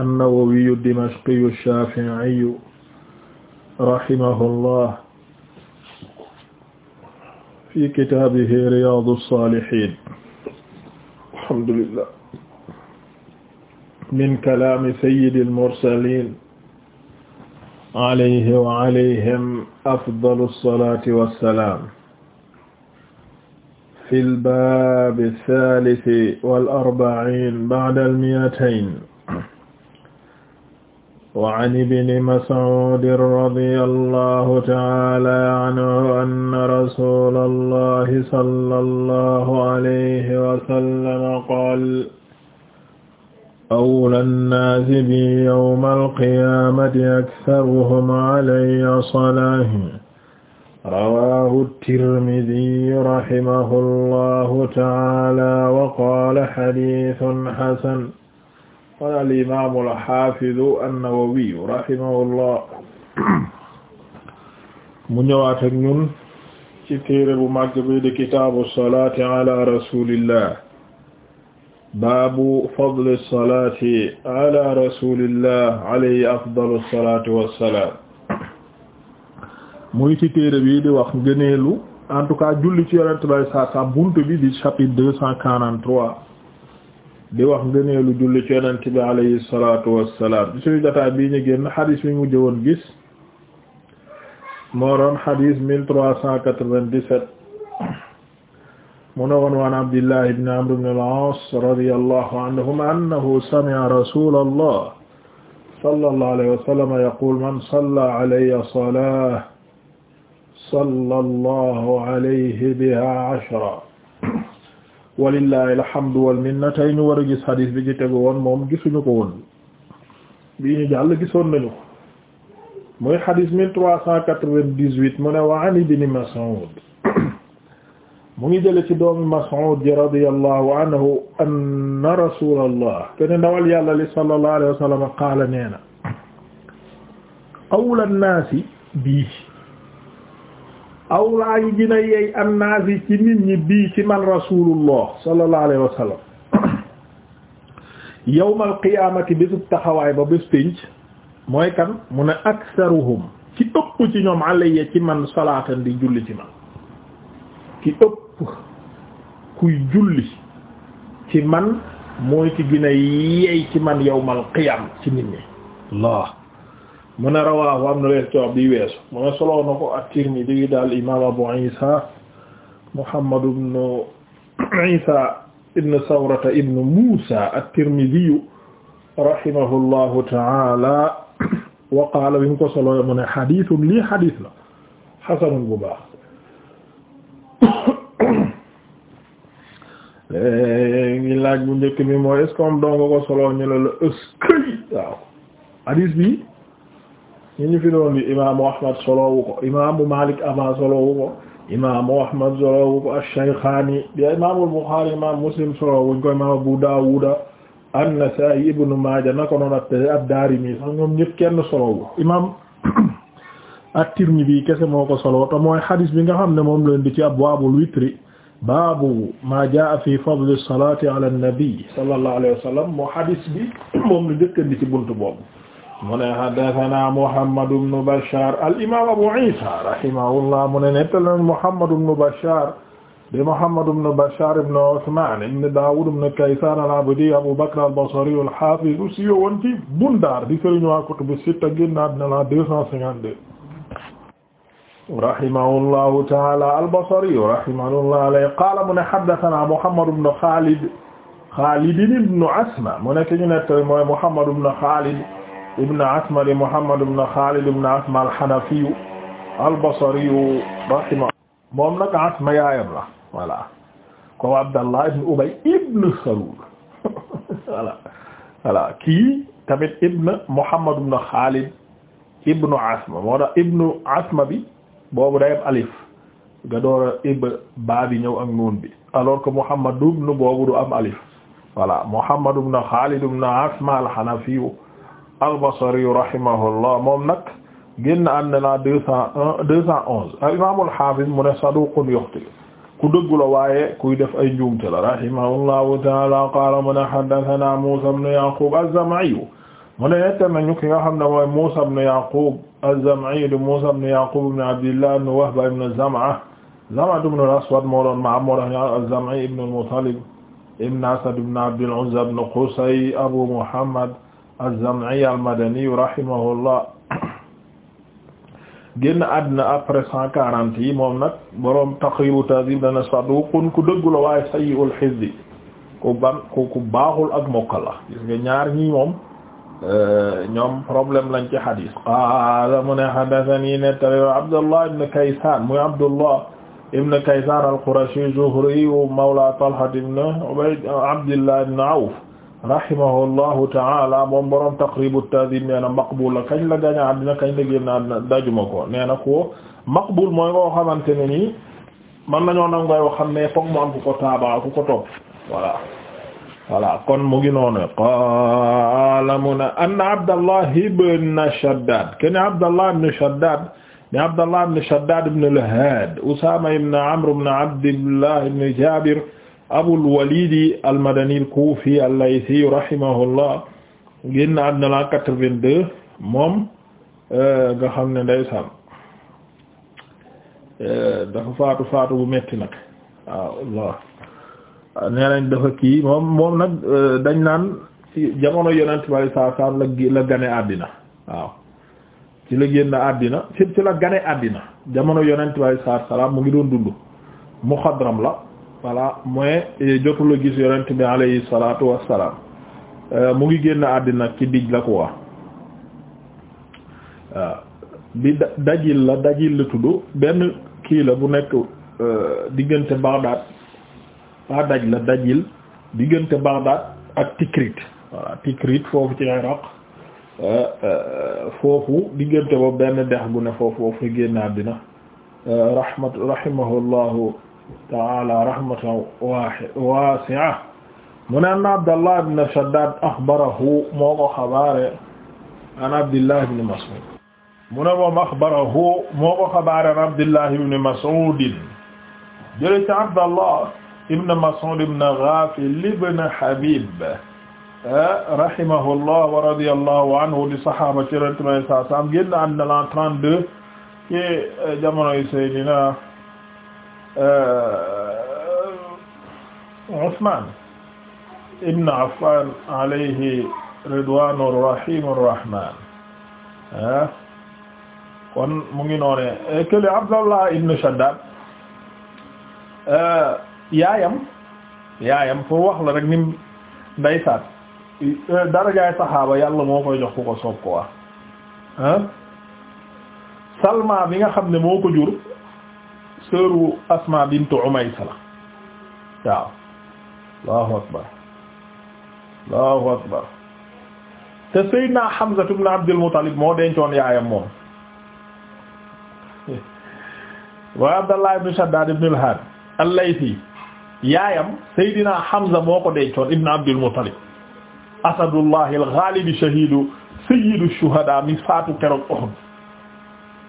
annawawiyu dimashqiyu shaafi'iyu rahimahullah fi kitaabihi riyaadu saalihiin alhamdulillah min kalaami sayyidil mursaliin alayhi wa alayhim afdalu salaati wa salaam fil baabi saalisi wal arba'iin ba'dal mi'atayn وعن ابن مسعود رضي الله تعالى عنه أن رسول الله صلى الله عليه وسلم قال أولى الناس بي يوم القيامة أكثرهم علي صلاة رواه الترمذي رحمه الله تعالى وقال حديث حسن qaala al-imaam mu ñëwaat ñun ci téere bu màgg bi di kitaabu salaati ala rasulillah baabu fadli salaati ala rasulillah alayhi afdalu salaati ci téere bi di wax gëneelu en tout cas julli ci yonent bay saa buntu bi di chapitre deux cent quarante-trois di wax ngëneelu julli ci yonent bi alayhi salatu wassalam ci suñu jotaay bii ñu génn xadis bi mu jëwoon gis moo doon xadis mille trois cent quatre-vingt-dix-sept mu ne woon waan Abdillah ibn Amr ibn al-As radiyallahu anhuma annahu sami'a rasulallah sallallahu alayhi wa sallam yaqul man salla alayya salatan sallallahu alayhi biha ashran walillahi alhamdu wal minna tey ñu war a gis xadiis bi ci tegu woon moom gisuñu ko woon bii ñu jàll gisoon nañu ko muy xadiis mille trois cent quatre vingt dix mu ne wa an ibn Mas'ud mu ngi jële ci doomi Mas'ud ji radiyallahu anhu anna rasulallah kene ndawal yàlla li sallallahu alayhi wa sallam qaala nee na awla naasi bii awlaa yi gën a yey annaasi ci nit ñi bii ci man rasulullah sallallahu alayhi wa sallam yawmal qiyaamati bésub taxawaay ba bés pénc mooy kan mu ne aksaruhum ci ëpp ci ñoom alayya ci man salaatan di julli ci man ki ëpp kuy julli ci man mooy ki gën yey ci man yawmal qiyaam ci nit ñi Allah mu ne rawaahu am na lees ci wax bi weesu mu ne soloo na ko at-Tirmidhi daal imam Abu Isa Muhammad ibn Isa ibn Sawrata ibn Musa at-Tirmidhi rahimahullahu ta'ala wa qaala bi mu ko soloo mu ne xadiisun lii xadiis la xasanun bu baax léegi laaj bu njëkk bi mooy est-ce que moom dong ko soloo ñu la la ëskëy waaw xadiis bi ñi ñu fi doon li imaamu ahmad solowu ko malik avant solowu ko imaamu ahmad solowu ko imam abu daawuda an-nasaa'i maaja nako noon ak ad-daarimi sax ñoom kenn solowu imam at-tirmidhi kese moo ko solo mooy hadis bi nga xam ne moom leen di ci abwaabul witri baabu maa jaa fi fadli salaati ala an-nabi sallallahu alayhi wa moom la ci buntu boobu mu ne haddathana Muhammad ibn Bashar al-imam Abu Isa rahimahullah mu ne nettalan Muhammad ibn Bashar di Muhammad ibn Bashar ibn Uthman ibn Dawud ibn Kaysan al-Abdi Abu Bakr al-Basri al-Hafiz u siyo woon ci Bundaar di sëriñ waa kutubu sitta génnaat na la deux cent cinquante-deux rahimahullahu ta'ala al-Basri rahimahullah alayhi qala mu ne haddathana Muhammad ibn Khalid Khalid ibn Asma mu nekk ñu nettali mooy Muhammad ibn Khalid ibn Asma di Muhammad ibn Khalid ibn Asma al-Hanafiyu al-Basriyu rahima moom nag Asma yaayam la voilà ko Abdallah ibn Ubay ibn Salul voilà voilà kii tamit ibn Muhammad ibn Khalid ibn Asma moo tax ibn Asma bi boobu day am alif ga door a ib baa bi ñëw ak nuun bi alors que Muhammad ibn boobu du am alif voilà Muhammad ibn Khalid ibn Asma al-Hanafiyu al-Basri rahimahullah moom nag génn ànd na deux cent un deux cent onze al-Imam al-Hafiz mu ne saduqun yuxti ku dëggu la waaye kuy def ay njuumte la rahimahullahu ta'ala qaala mu ne haddathana Musa ibn Yaqub az-Zam'i mu ne netta nañu ki nga xam ne mooy Musa ibn Yaqub az-Zam'i di Musa ibn Yaqub ibn Abdillah ibn Wahb ibn Zam'a Zam'a ibn al-Aswad moo doon ma am moo doon az-Zam'i ibn al-Muttalib ibn Asad ibn Abd al-Uzza ibn Qusay Abu Muhammad az-Zam'i al-Madani rahimahullah génn àddina après cent quarante yi moom nag boroom Taqrib at-Tahdhib dana saduqun ku dëggu la waaye sayyi'ul hifz ku ban ku ku baaxul ak mokka la gis nga ñaar ñii moom euh, ñoom problème lañ ci hadis qaala mu ne hadathani nettali Abdullah ibn Kaysan muy Abdullah ibn Kaysan al-Qurashi az-Zuhri mawla Talha ibn Ubayd Abdillah ibn Awf rahimahullahu ta'ala moom borom taqribu tadhib nee na maqbul kañ la gaña àddina kañ la génn àddina ko nee na ko maqbul mooy ngoo xamante ne ni man nañoo nag ngay wax xam ne foog mu am ku ko taaba ku ko kon mu ngi noonu qaala Abdallah ibn Shaddad ken Abdallah Abdallah ibn Shaddad ibn al-Had Usama ibn Amr ibn Abdillah Jabir Abul Walid al-Madani al-Kufi al-Laythi rahimahullah génn àddina la 82 moom euh, nga xam ne ndeysaan euh, dafa faatu faatu bu metti nag waaw ah, Allah ah, nee nañ dafa kii moom moom nag euh, dañ naan ci jamono yonent bi saa saam la la gane àddina waaw ci la génn àddina ci la gane àddina jamono yonent bi saa salaam mu ngi doon dund muxadram la. voilà mooy eh, jotula gis yonent bi alayhi salaatu wassalaam eh, mu ngi génn àddina ci dij la quoi waaw ah, bi dajil la dajil la tudd benn kii la bu nekk eh, diggante Baghdad ba daj la dajil diggante Baghdad ak Tikrit Tikrit foofu ci Iraq foofu diggante boobu benn dex gu ne foofu foofu génn àddina rahmat rahimahullahu taala rahmatan waasi'a mu ne anna Abdallah ibn Shaddad axbarahu moo ko xabaare an Abdillah ibn Mas'ud mu ne moom axbarahu moo ko xabaare an Abdillah ibn Mas'ud jële ci Abdallah ibn Mas'ud ibn Ghafil ibn Habib ah, rahimahullah wa radiyallahu anhu di sahaaba ci Yonent bi sallallahu alayhi wa sallam génn àddina la 32 ci eh, jamonoy Seydina Euh, euh, Usmaan ibn Affaan alayhi ridwaanu rahiimu rahmaan ah. kon mu ngi noonee eh, kële Abdallah ibn Shaddad eh, yaayam yaayam pour wax la rek nim ndeysaat eh, darajaay saxaaba yàlla moo koy jox ku ko soob ko wax Salma bi nga xam ne moo ko jur sëru Asma bintu Umaysa la waaw Allahu akbar Allahu akbar te Seydina Hamza ibn Abdul Muttalib moo dencoon yaayam moom wa Abdallah ibn Shaddad ibn al-Had al-Laythi yaayam Seydina Hamza moo ko dencoon ibn Abdul Muttalib asadullah al-ghalib shahidu sayyidu shuhada mi faatu keroog Uhud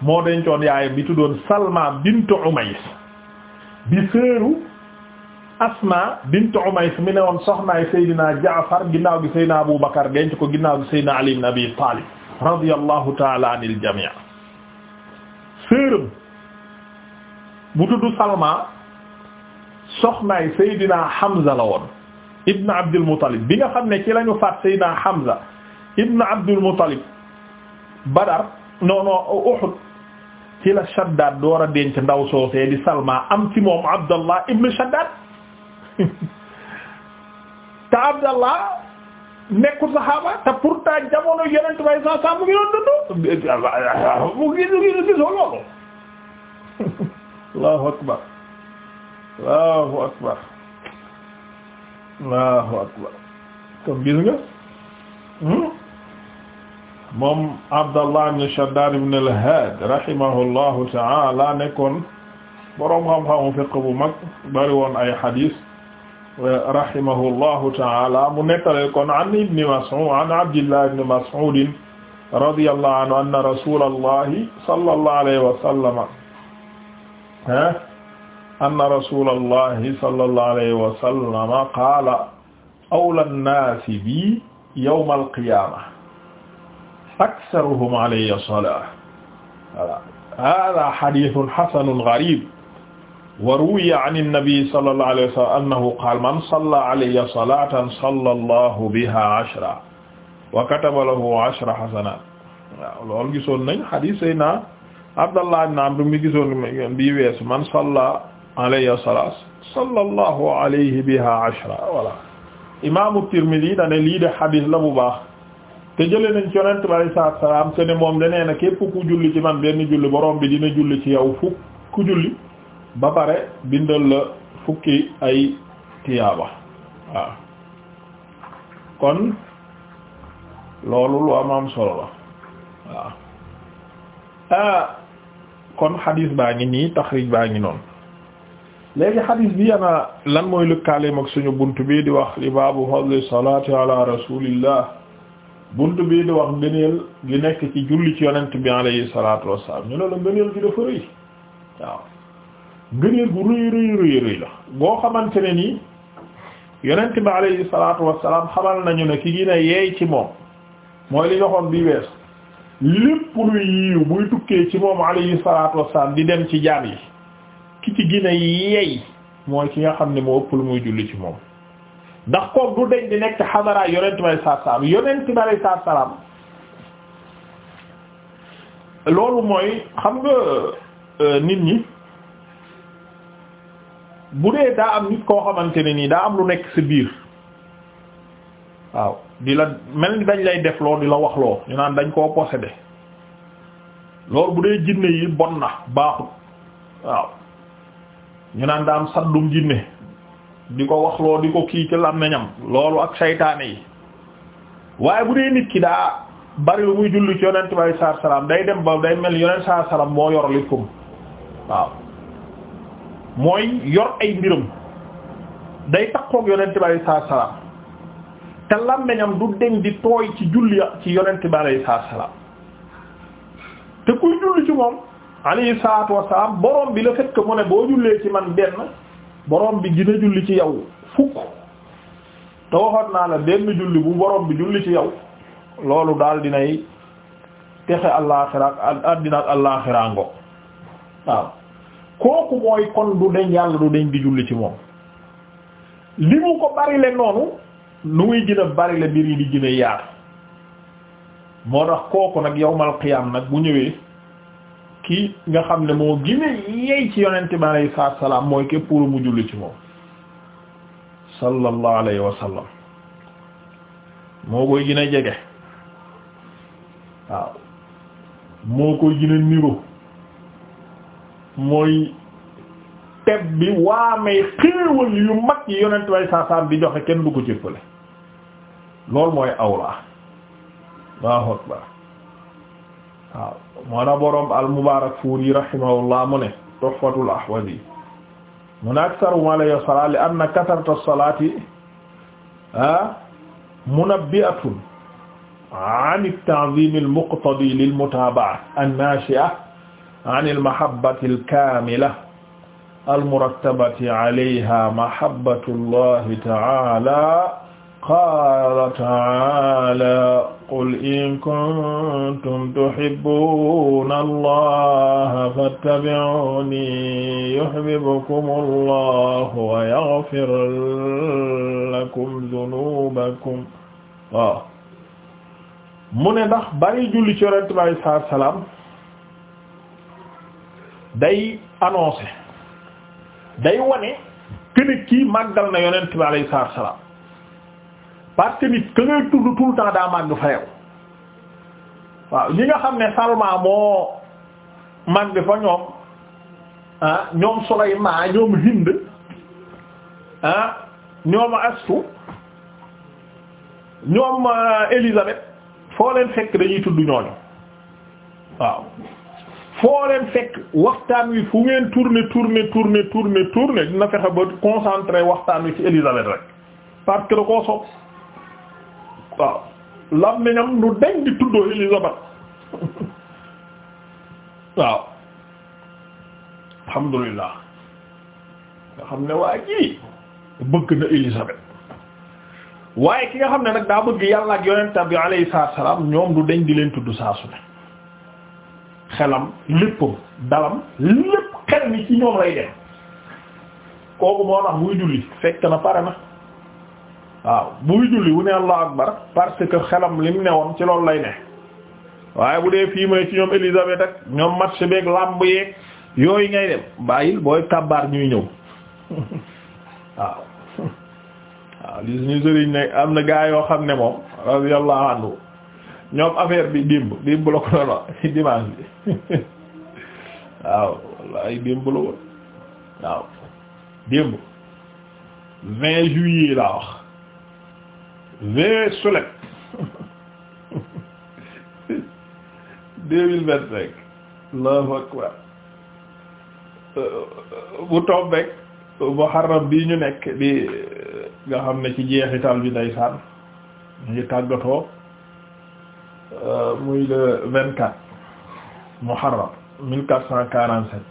moo dencoon yaayam bi tuddoon Salma bint Umays bi seeru Asma bint Umays mi ne woon soxnaay Seydina Jaafar ginnaaw gi Seydina Abu Bakar denc ko ginnaaw gi Seydina Ali ibn Abi Talib radiyallahu ta'ala anil jami' seeram bu tudd Salma soxnaay Seydina Hamza la woon ibn Abdul Muttalib bi nga xam ne ci lañu faat Seydina Hamza ibn Abdul Muttalib Badar non non Uhud ci la Shaddad door a denc ndaw soosee di am ci moom ibn Shaddad te Abdallah nekkul saxaaba te pourtant jamono Yonent bay sa sa mu ngi doon dund mu ngi ngi akbar Allahu akbar Allahu akbar kon gis nga hmm? moom Abdallah ibn Shaddad ibn al-Had rahimahullahu ta'ala nekkoon boroom xam-xamu fiqh bu mag bari woon ay hadis rahimahullahu ta'ala mu nettale kon an ibn Mas'ud an Abdillah ibn Mas'ud radiyallahu anhu anna rasulallahi sallallahu alayhi wa sallam anna rasulallahi sallallahu alayhi wa sallam qaala awla an-naasi bi yawm al-qiyaamah aksaruhum alayhi salaa voilà hada xadithun xasanun garib wa ruwiya an annabi sallallahu alayhi wa sallam annahu qaala man salla alayya salatan salla allahu biha ashra wa kataba lahu ashra xasanat waaw loolu gisoon nañ xadis say na Abdallah ibn Amr mi gisoon bi wees man salla alayya salatan salla allahu alayhi biha ashra voilà imaamu Tirmidi dane lii de xadis la bu baax te jëlee nañ ci bi alayhi salaatu salaam te ne moom danee na képp ku julli ci man benn julli borom bi dina julli ci yaw fukk ku julli ba pare bindal la fukki ay tiyaaba waaw kon loolu lu am am solo la waaw ah kon xadiis baa ngi nii taxriij baa ngi noonu léegi xadiis bi ana lan mooy lëkkaaleem ak suñu bunt bi di wax li baabu fadli salaati ala rasulillah bunt bii di wax ngëneel gi nekk ci julli ci yonent bi alayhi salaatu wassalaam ñu ne la ngëneel gi dafa rëy waaw ngëneel gu rëy rëy rëy rëy la boo xamante ne nii yonent bi alayhi salaatu wassalaam xamal nañu ne ki gën yeey ci moom mooy li waxoon bi wees lépp luy yiiw buy tukkee ci moom alayhi salaatu wassalaam di dem ci jaam yi ki ci gën yeey mooy ki nga xam ne moo ëpp lu muy julli ci moom ndax kook du deñ di nekk xadaraay yonent bi saa salaam yonent bi saa salaam loolu mooy xam nga euh, nit ñi bu dee daa am nit koo xamante ne nii daa am lu nekk sa biir waaw di la mel ni dañ lay def loo di la wax loo ñu naan dañ koo possédé loolu bu dee jinne yi bon na baaxut waaw ñu naan daa am saddum jinne di ko waxloo di ko kii ci làmmiñam loolu ak saytaane yi waaye bu dee nit ki daa bari lu muy julli ci yonent bi alayhi salaam day dem ba day mel yonent salaam moo yor li waaw mooy yor ay mbiram day takkook yonent bi alayhi salaatu salaam te làmmiñam du deñ di tooy ci julli ci yonent bi alayhi salaam te kuy julli ci moom alayhi salaatu wassalaam borom bi la fekk mu ne boo jullee ci man benn borom bi dina julli ci yow fukk te naa la benn julli bu borom bi julli ci yow loolu daal dinay texe àllaaxira àddina ak waaw kooku mooy kon du deñ yàlla du deñ di julli ci moom li mu ko barile noonu nu muy gën a barile mbir yi di gën a moo tax kooku nag yawmal qiyaam nag bu ñëwee kii nga xam ne moo gine yey ci yonente bi alayhi salaatu wa mooy képp pour mu julli ci moom sallallahu alayhi wa sallam moo koy gën jege waaw moo koy gën niro mooy teb bi waamee xéewal yu mag yi yonent way saasaan bi joxe kenn du ko cëppale loolu mooy awlaa Allahu akbar waaw moo na boroom al-Mubaarakfuuri rahimahullah mu ne Tuhfatul Ahwazi mu ne aksaru ma lay salaa li anna kasrata salaati munabbi'atun an at-ta'ziim al-muqtadii lil-mutaaba'a an-naashi'a an al-mahabbati al-kaamila al-murattabati 'alayhaa mahabbatullahi ta'aalaa qaala ta'aalaa qul in kuntum tuhibbuna allaha fattabi'uni yuhibbukum allahu wa yaghfir lakum dhunubakum waaw mu ne ndax bari julli ci yonent bi alayhi salaatu wa salaam day annoncé day wane kene kii màggal na yonent bi alayhi salaatu wa salaam parce que nit que ngay tudd tout le temps daa màgg fa yow waaw ñi nga xam ne Salma moo màgg fa ñoom ah ñoom Sulaymaa ñoom Hind ah ñoom Astu ñoom Élisabeth euh, foo leen fekk dañuy tudd ñooñu waaw foo leen fekk waxtaan wi fu ngeen tourner tourner tourner tourner tourner dina fexe ba concentré waxtaan wi ci Élisabeth rek parce que da koo sopp waaw làmmiñam du deñ di tuddoo Élisabeth waaw alhamdulillah nga xam ne waa ji bëgg na Élisabeth waaye ki nga xam ne nag daa bëgg yàlla ak yonent bi alayhi salaam ñoom du deñ di leen tudd saa ne xelam léppam dalam lépp xel mi ci ñoom lay dem kooku moo tax buy julli fekk na pare na waaw buy julli wu ne allah akbar parce que xelam lim ne ci loolu lay ne waaye bu dee fii may ci ñoom Élisabeth ak ñoom match beeg làmb yeeg yooyu ngay dem bàyyil booy kàbbaar ñuy ñëw waaw waaw li suñu sëriñ ne am na gaa yoo xam ne moom radiyallahu anhu ñoom affaire bi dimb dimb la ko doon wax bi waaw wallaay dimb la woon waaw dimb 20 juillet laa wax vingt sulet deux mille vingt bu tombeek muharram bi ñu nekk di nga xam ne ci jeexital bi ndeysaan ñu ngi tàggatoo muy le vingt quatre muharram mille quatre cent quarante sept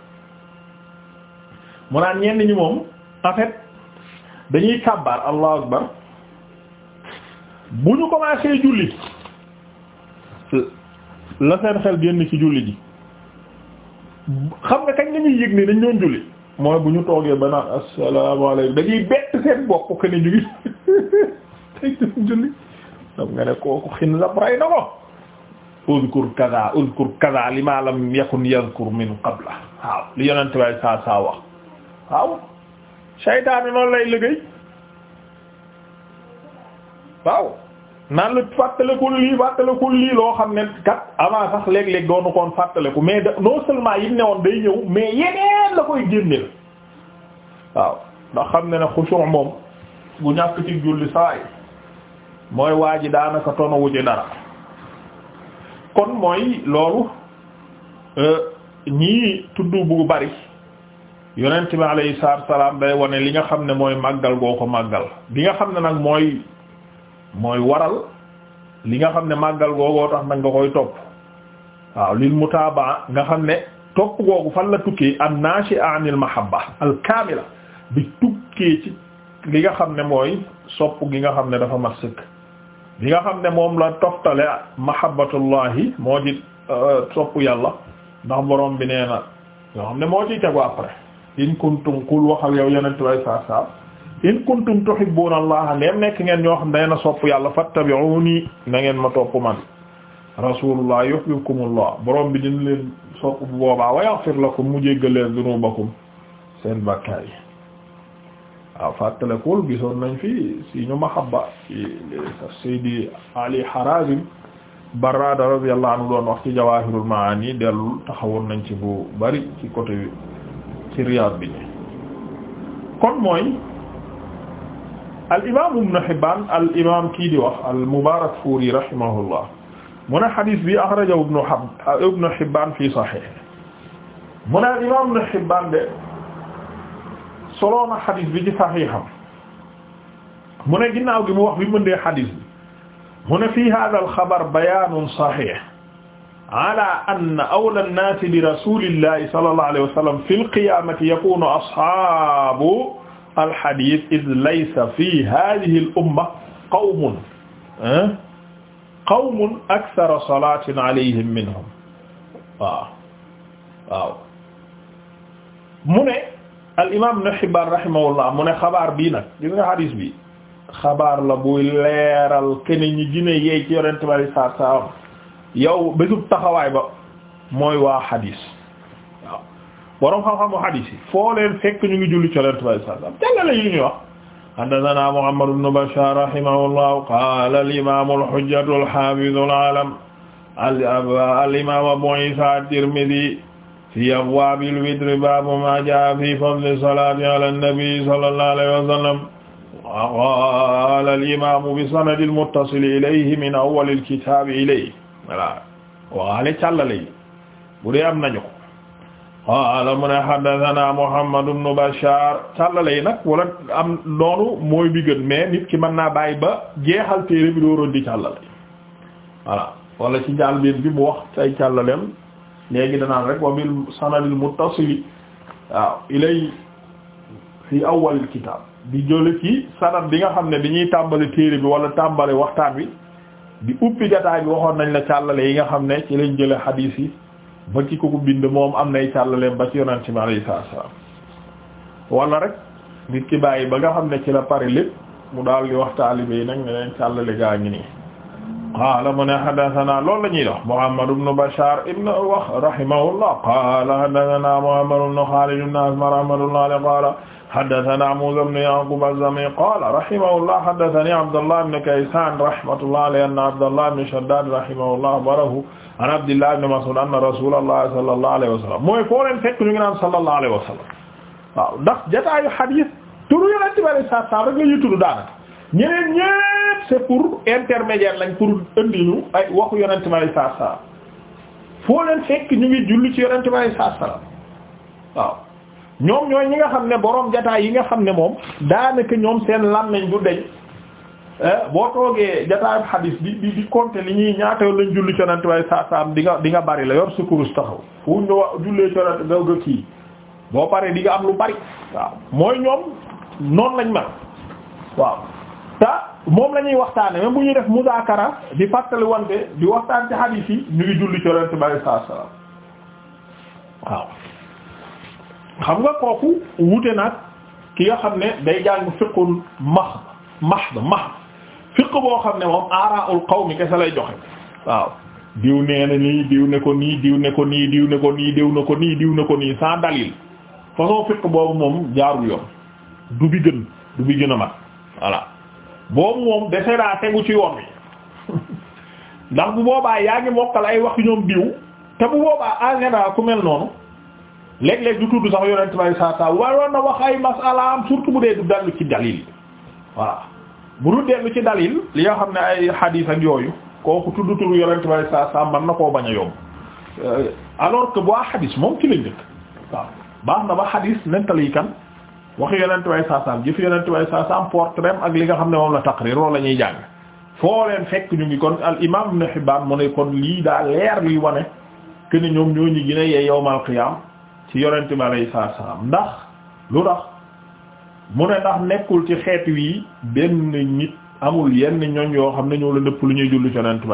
mu naan ñenn ñi moom en dañuy kàbbaar Allahu akbar bu ñu commencé julli la seen xel génn ci julli ji xam nga kañ lañuy yëg ne dañ doon julli mooy bu ñu toogee ba naan asalaamaaleykum dañuy bett seen bopp que ñu ngi tey doon julli dam nga ne kooku xin la na ko uzkur kaza uzkur kaza li ma lam yakun yazkur min qabla waaw li yonent way saa saa wax waaw seytaane noonu lay liggéey waaw naan la fàttalikul lii fàttalikul lii loo xam ne kat avant sax léeg-léeg doonu koon fàttaliku mais da non seulement yi ne woon day ñëw mais yeneen la koy génneel waaw ndax xam ne ne xushu' moom bu ñàkk ci julli saay mooy waa ji daanaka tonawu ci dara kon mooy loolu euh, ñii tudd bu bari yonent bi alayhi salaam day wane li nga xam ne mooy màggal goo ko màggal bi nga xam ne nag mooy mooy waral li nga xam ne màggal googoo tax nag nga koy topp waaw lil mutaaba nga xam ne topp googu fan la tukkee an nashi anil mahabba al kaamila bi tukkee ci li nga xam ne mooy sopp gi nga xam ne dafa mat sëkk li nga xam ne moom la toftale mahabbatullahi moo ci euh, sopp yàlla ndax boroom bi nee na yoo xam ne moo ciy tegu après in kuntum kul waxal yow yenentu way sa sab in kuntum tuhibbuna allaha ndeem nekk ngeen ñoo xam ne na sopp yàlla fattabi'uni na ngeen ma topp man rasulullah yuhibbukumullah borom bi dina leen sopp bu booba wa yaghfir lakum mu jéggal leen dunubakum seen bàkkaar yi waaw fàttalekul gisoon nañ fi si ñu mahabba Seydi Ali Harazim Barrada radiyallahu anhu wax ci Jawahirul Maani dellu taxawoon nañ ci bu bari ci côté ci Riyad bi kon mooy al imaam ibn Hibbaan al imaam kii di wax al Mubaarakfuuri rahimahullah mu ne xadis bi axrajahu ibn Hibbaan ibn Hibbaan fii Sahiih mu ne al imaam ibn Hibbaan de solo na xadis bi ci Sahiiham mu ne ginnaaw gi mu wax bi mu ndee xadis bi mu ne fii haazal xabar bayaanun sahiih alaa anna awlaa nnaasi bi rasuulillaahi sallallaahu alayhi wa sallam fil qiyaamati yakuunu ashaabu alxadiis id laysa fi hadihi l umma qawmun qawmun akthara salaatin alayhim minhum waaw waaw mu ne al imaam ibn Hibbaan rahimahullah mu ne xabaar bii nag gis nga xadiis bi xabaar la buy leeral keneen ñi gine yeey ci yonent bari saar saam yow bésub taxawaay ba mooy waa xadiis borom xam-xamu hadis yi foo leen fekk ñu ngi julli coleen tubaab sallam jàllale yi ñuy wax haddathana Muhammad ibn Bashar rahimahullahu qala al-imam al-hujjatu al-hafiz al-alam al-imam Abu Isa at-Tirmidhi fi abwab al-witr bab ma jaa fi fadl salati ala an-nabi sallallahu alayhi wa sallam qala al-imam bi sanad al-muttasil ilayhi min awwal al-kitab ilayhi voilà waale càllale yi bu dee am nañu ko qaala mu ne haddathana Muhammad ibn Bashar càllale yi nag wala am noonu mooy bi gën mais nit ki mën naa bàyyi ba jeexal téere bi dooroon di càllale voilà wala ci njàlbéen bi mu wax tay càllaleem léegi danaan rek wa bil sanadil muttasili waaw ilay fi awwal kitaab di jële ci sanad bi nga xam ne dañuy tàmbali téere bi wala tàmbali waxtaan wi di uppi gataay bi waxoon nañ la càllale yi nga xam ne ci lañ jële xadiis yi ba ki ko ko bind moom am nay càllaleem ba ci yonent mi alayhi salaam wala rek nit ki bàyyi ba nga xam ne ci la pare lépp mu daal di wax taalibe yi nag ne leen càllale gaa ngi nii qaala mu ne hadathana loolu la ñuy wax Muhammad ibn Bashar ibn wax rahimahullah qaala hadathana Muhammad ibn Khalid ibn Asma rahmatullah alayhi qaala hadathana Musa ibn Yaqub az-Zami qaala rahimahullah hadathani Abdullah ibn Kaysan rahmatullah alayhi anna Abdullah ibn Shaddad rahimahullah barahu an Abdillah ibn Mas'ud anna Rasulullah sallallahu alayhi wa sallam mooy foo leen fekk ñu ngi naan sallallahu alayhi wa waaw ndax jataayu hadith turu yonent bi alayhi salaam rek la ñuy turu daanaka ñeneen ñépp c'est pour intermédiaire lañ pour indi ñu ay waxu ma bi alayhi salaam foo leen fekk ñu ngi julli ci yonent bi alayhi salaam waaw ñoom ñooy ñi nga xam ne boroom jataay yi nga xam ne moom daanaka ñoom seen làmmiñ du deñ Eh, boo toogee jataayu xadiis di di di compter li ñuy ñaata lañ julli conante waaye saa saam di nga di nga bari la yor secours taxaw fu ñu wa jullee conante nga nga kii boo paree di nga am lu bari waaw mooy ñoom noonu lañ mel waaw te moom la waxtaane même bu ñuy def mudaakara di fàttali wante di waxtaan ci xadiis yi ñu ngi julli conante bari saa saam waaw xam nga kooku wute nag ki nga xam ne day jàng fiqul max max max fiq boo xam ne moom aaraul qawmi kese lay joxe waaw diw nee nii diw ne ko nii diw ne ko nii diw ne ko nii diw ne ko nii diw ne façon fiq boobu moom jaarul yoon du bi gën du bi gën a mat voilà boobu moom dese daa tegu ci yoon wi ndax bu boobaa yaa ngi mokkal ay wax ñoom diw te bu boobaa en général ku mel noonu léeg-léeg du tudd sax yonent bay saa saa waroon na wax ay masalaam surtout bu dee du dallu ci dalil voilà bu dul dellu ci dalil li nga xam ne ay xadiis ak yooyu kooku tudd turu yonent bari saa saa man na koo bañ a yomb euh, alors que boo xadiis moom ci la njëkk waaw baax na ba xadiis nettali kan waxi yonent bay saasaam jëfi yonent bay saasaam portrait ak li nga xam ne moom na taqrir loolu la ñuy jàng foo leen fekk ñu ngi kon al imam Ibn Hibbaan mu ne kon lii daa leer luy wane que ne ñoom ñoo ñu gën a yee yawmal qiyaam ci yonent bi alayhi salaam ndax lu tax mu ne ndax nekkul ci xeet wi benn nit amul yenn ñoñ yoo xam ne ñoo la nëpp lu ñuy julli ci yonent bi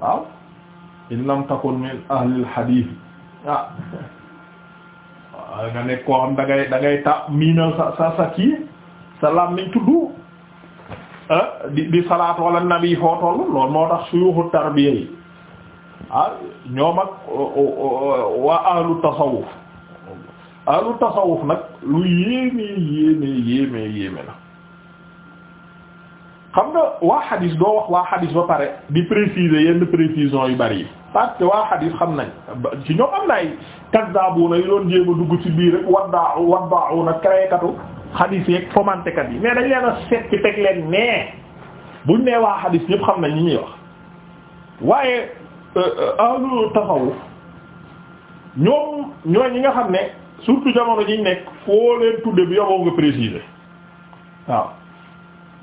sallallahu ah. nga nekk koo xam da ngay da sa sa sa kii sa lam nañ tudd ah, di di salaat nabi foo toll loolu moo tax suyuxu tarbiya yi ah ñoom ak waa ahlu tasawuf ahlu tasawuf nag lu yéeme yéeme yéeme yéeme la xam nga waa xadis doo wax waa xadis ba pare di préciser yenn précision yu bari yi parce que waa xadis xam nañ ci ñoom am na ay kazzabuna yu doon jéem dugg ci biir rek waddaa waddaawuna créekatu xadis yeeg fomantekat yi mais dañ leen a seet ci teg leen nee buñ nee waa xadis ñëpp xam nañ ñi ñuy wax waaye euh, euh, ahlu tasawuf ñoom ñooy ñi nga xam ne surtout jamono ji nekk foo leen tudde bi yoboo nga préciser waaw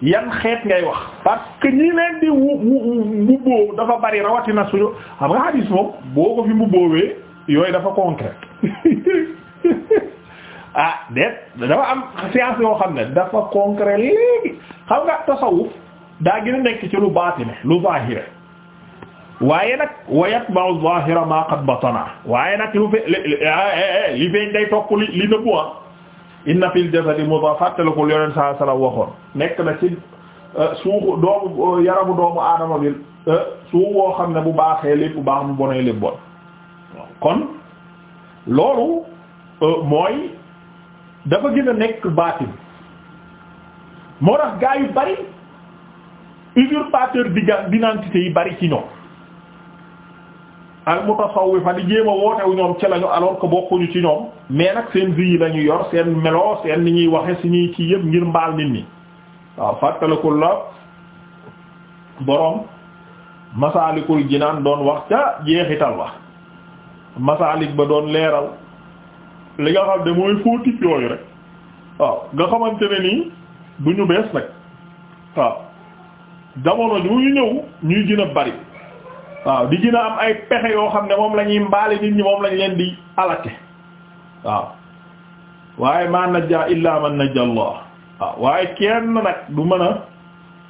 yan xeet ngay wax parce que ñi leen di wu wu mbubboo dafa bari rawatina suñu xam nga hadis moom boo ko fi mbubboowee yooyu dafa concret ah déet dafa am science yoo xam ne dafa concret léegi xam nga tasawuf daa gën nekk ci lu baatine lu zahire waaye nag wa yatba'u zahira ma qad batana waaye nag lu fe eh, eh, eh, li feeñ day topp li li nëbbu ah inna fil jasadi mudghah fàttalikul nekk na ci suuxu doomu yaramu doomu aadama bi suuf xam ne bu baax lépp bu baax mu bonee lépp bon kon loolu mooy dafa gën a nekk baatin moo tax gaa yu bari usurpateur d'identité yi bari ci ñoom al mutasawwifa di jéem a wootewu ñoom ci lañu alors que bokkuñu ci ñoom mais nag seen vie yi la yor seen melo seen ni ñuy waxe si ñuy ci yëpp ngir mbaal nit ñi waaw fàttalikul la boroom masaalikul jinaan doon wax ca jeexital ba masaalik ba doon leeral li nga xam ne mooy fóotik yooyu rek waaw nga xamante ne nii du ñu bees nag waaw jamono ju ñu ñëw ñuy gën a bari waaw di gën am ay pexe yoo xam ne moom lañuy ñuy mbaale nit ñi moom lañ leen di alate waaw waaye ma najja illa ma najja Allah waaw waaye kenn nag du mën a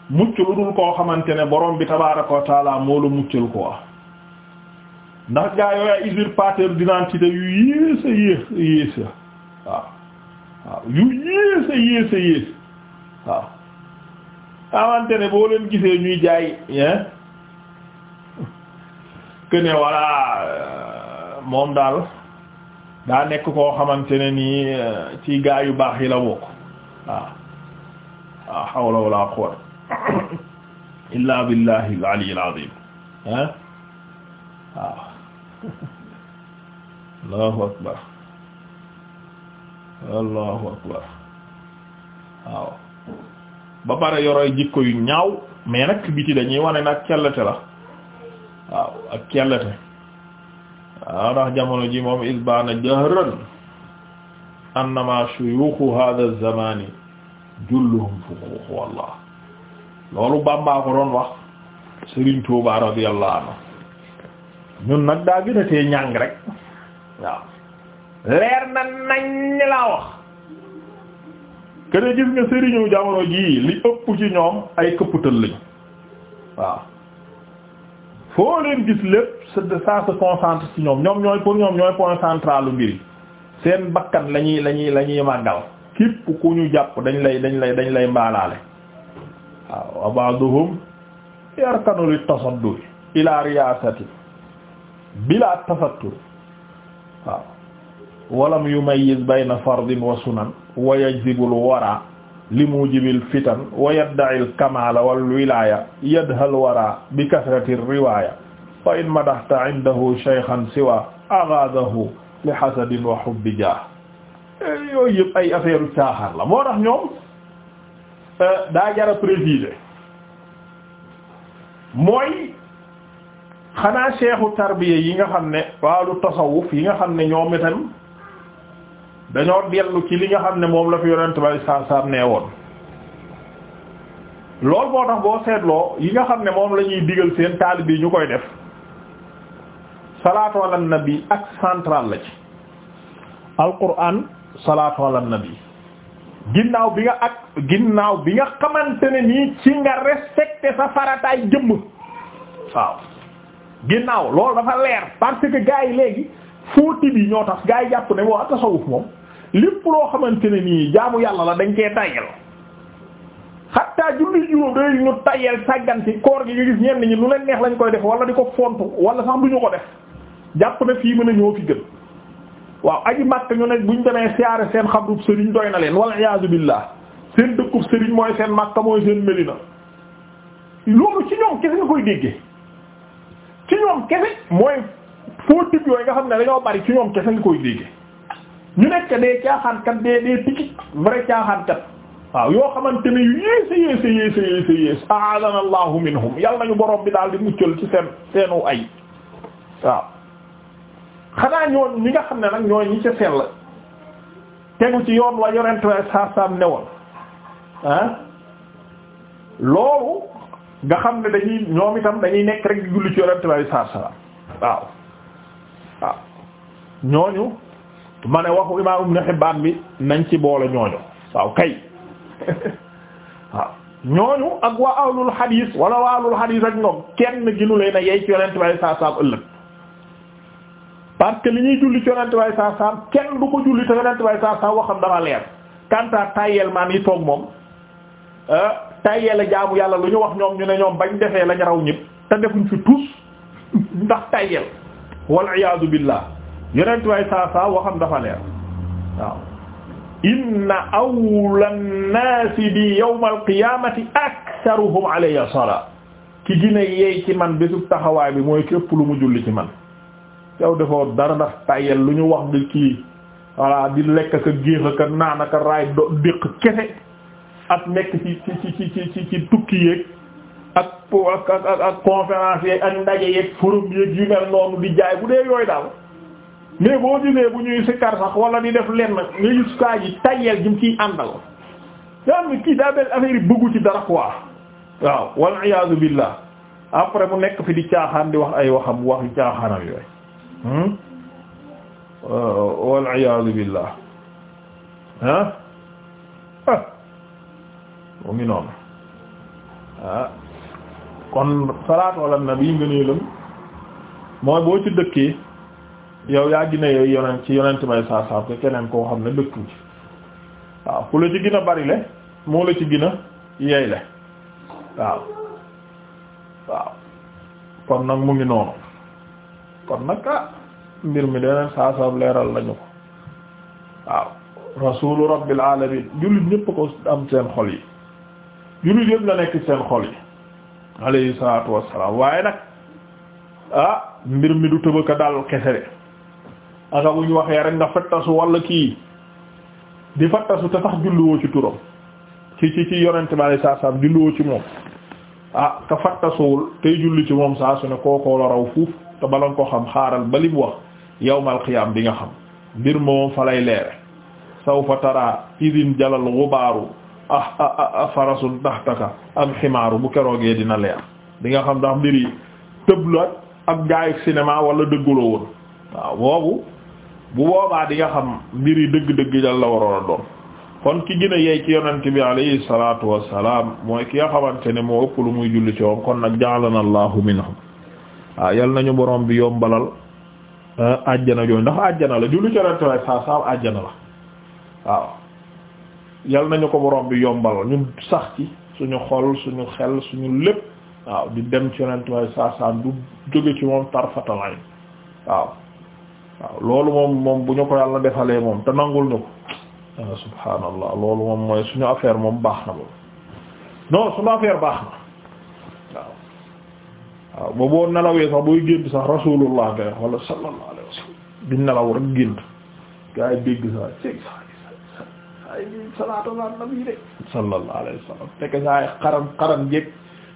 mucc lu dul koo xamante ne borom bi tabaaraka wa taala moo la muccul quoi ndax gaa yooyu ay usurpateur d'identité yu yées a waaw waaw yu yées a yées a waaw xamante ne boo leen gisee ñuy jaay hein que ne moom daal daa nekk koo xamante ne nii ci gaa yu baax yi la bokk waaw waaw hawla wala quwwata illa billahi al-ali al-azim ah waaw allahu akbar jikko yu ñaaw mais nag biti dañuy wane nag cellate la ak kellete waaw ndax jamono ji moom isbaana jahran annama shuyukhu hadha az-zamani julluhum fuquuq wallah loolu Bamba doon wax Serigne baa radiyallahu anhu ñun nag daa gën a tee ñàng rek waaw leer na nañ laa wax kene gis nga sëriñu jamono jii li ëpp ci ñoom ay këppatal lañ waaw foo leen gis lépp ça se concentre ci ñoom ñoom ñooy pour ñoom ñooy point central seen bakkan la ñuy la ñuy màggal képp ku ñu jàpp dañ lay dañ lay dañ lay mbaalaale waaw abadohum yarkanu li tasaddur ila riyasati bila tasattur waaw walam yumayyiz bayna fardin wa sunan wa yajzibul wara li mujibil fitan wa yadda'il kamala wal wilaya yadhal wara bi kasrati riwaya fa in madahta indahu shaykhan siwa aghadahu li hasadin wa hubbi jah yooyu yëpp ay affaire u caaxaan la moo tax ñoom euh, daa jara préciser mooy xanaa seexu tarbiya yi nga xam ne waalu tasawuf yi nga xam ne ñoom itam dañoo dellu ci li nga xam ne moom la fi yonent bay saasam nee woon loolu boo tax boo seetloo yi nga xam ne moom lañuy digal seen taalibe yi ñu koy def salaatu ala nabi ak central la ci alquran salaatu ala nabi ginnaaw bi nga ak ginnaaw bi nga xamante ne nii ci nga respecté sa farataay jëmm waaw ginnaaw loolu dafa leer parce que gars yi léegi fóoti yi ñoo tax gars yi jàpp ne waa tasawuf moom lépp loo xamante ne nii jaamu yàlla la dañ cee tayel xattaa julli juróom day ñu sàggant sàgganti koor gi nga gis ñenn ñi lu leen neex lañ koy def wala di ko font wala sax duñu ko def jàpp na fii mën a ñoo fi gën waaw aji màkk ñu ne buñ demee siyaare seen xabrub sëriñ doy na leen wala iyaazu billah seen dëkkub sëriñ mooy seen màkka mooy seen melina loolu ci ñoom kese nga koy déggee ci ñoom kese mooy foo tib yooyu nga xam ne dañoo bari ci ñoom kese ñu nekk des caaxaankat des des tickets vrai caaxaankat waaw yoo xamante ne yu yées yées yées a'adana allahu minhum yàlla nañu borom bi daal di muccal ci seen seenu ay waaw xanaa ñoon ñi nga xam ne nag ñooy ñi ca la tegu ci yoon wa yonent wa saa saam ne woon ah loolu nga xam ne dañuy ñoom itam dañuy nekk rek di julli ci yonent wa saa saam waaw waaw ñooñu ma ne waxu imaam Ibn Hibbaan bi nañ ci boole ñooñu waaw kay waaw ñooñu ak waa ahlul xadiis wala waa ahlul xadiis ak ñoom kenn ginu leen na yey ci yonent bay saa ëllëg parce que li ñuy julli ci yonent bay saa saam kenn du ko julli te yonent bay saa saam waxam dafa leer kanta tayel maan yi toog moom euh, tayel a jaamu yàlla lu ñu wax ñoom ñu ne ñoom bañ defee lañ raw ñëpp te defuñ fi tous ndax tayel wal iyaadu billah yonent way saa saa waxam dafa leer waaw inna awla nnaasi bi yawm alqiyamati aktharuhum alayya salaa ki gine yey ci man bésub taxawaay bi mooy képp lu mu julli ci man yow defoo dara ndax tàyyel lu ñu wax ngi kii voilà di lekk ka géex aka naan aka raay do déq kese ak nekk ci ci ci ci tukki yeeg ak ak ak conférence yeeg ak ndaje yeeg forum yeeg yu mel noonu di jaay bu dee yooyu daal mais boo dinee bu ñuy sikkar sax wala di def lenn nga gis kaa ji tayel jim ciy àndal yaa ngi kii daa benn affaire ci dara quoi waaw wal iyaazu billah après mu nekk fi di caaxaan di wax ay waxam wax caaxaanam yooyu hmm? wal iyaazu billah ah mu ngi noonu ah kon salaatu ala nabi ngëneelam mooy boo ci dëkkee yow yaa gina yooyu yonent ci yonent bay saa saam keneen koo xam ne dëkku ci waaw ku la ci gën bari le moo la ci gën a yeey le waaw waaw kon nag mu ngi noonu kon nag ah mbir mi deneen saa saam leeral lañu ko waaw rasuulu rabbil alamin jullit ñépp ko am seen xol yi jullit yépp la nekk seen xol yi alayhi salaatu wassalaam waaye nag ah mbir mi du tëbëka dal kese aka bu ñu waxee rek nga fattasu wala kii di fattasu te sax julliwoo ci turam ci ci ci yonente bi alei saatu salaam julliwoo ci moom ah te fattasuwul tey julli ci moom saa su ne kookoo la raw fuuf te balan ko xam xaaral ba wax yawmal qiyaam bi xam mbir moom fa lay leere sawfa tara idin jalal gubaaru ah ah, ah ah farasun taxtaka am ximaaru bu keroogee dina leer di nga xam ndax mbir tëb la ak gaayuk cinéma wala dëgguloo woon waaw boobu bu boobaa di nga xam mbir yi dëgg-dëgg dal la waroon a doon kon ki gën a yeey ci yonent bi alayhi salaatu wassalaam mooy ki nga xamante ne moo ëpp lu muy julli ci moom kon nag ja'alana allahu minhum waaw ah, yal nañu borom bi yombalal ah, àjjana jooju ndax àjjana la julli ci yonent bi saa àjjana la waaw yal nañu ko borom bi yombalal ñun sax ci suñu xol suñu xel suñu lépp waaw di dem ci yonent bi saa du jóge ci moom tarfatalaay waaw waaw loolu moom moom bu ñu ko yàlla defalee moom te nangul ñu ko waaw ah, subhaanallah loolu moom mooy suñu affaire moom baax na moom non suñu affaire baax na waaw waaw ba boo nelawee sax booy gént sax rasulullah ngay wala sallallahu alayhi wa sallam di nelaw rek gént gaa yi dégg sax ceeg sax ay salaatu ala nabi de sallallahu alayhi wa sallam fekk saa yi xaram xaram jéeg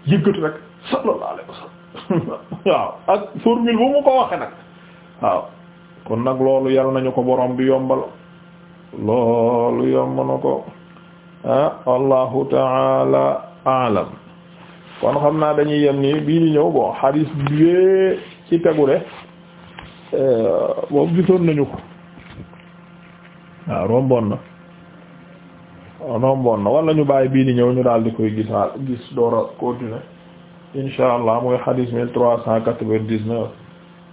yëggatu rek sallallahu alayhi wa sallam waaw ak formule bu mu ko waxe nag waaw kon nag loolu yal nañu ko boroom bi yombal loolu yomb na ko ah wallahu taala alam kon xam naa dañuy yem nii bii di ñëw bon xadis bi ci tegule boobu eh, gisoon nañu ko waaw romboon na romboon na wala ñu bàyyi bii di ñëw ñu daal di koy gisaa gis door a continuer insha allah mooy xadis mille trois cent quatre-vingt-dix-neuf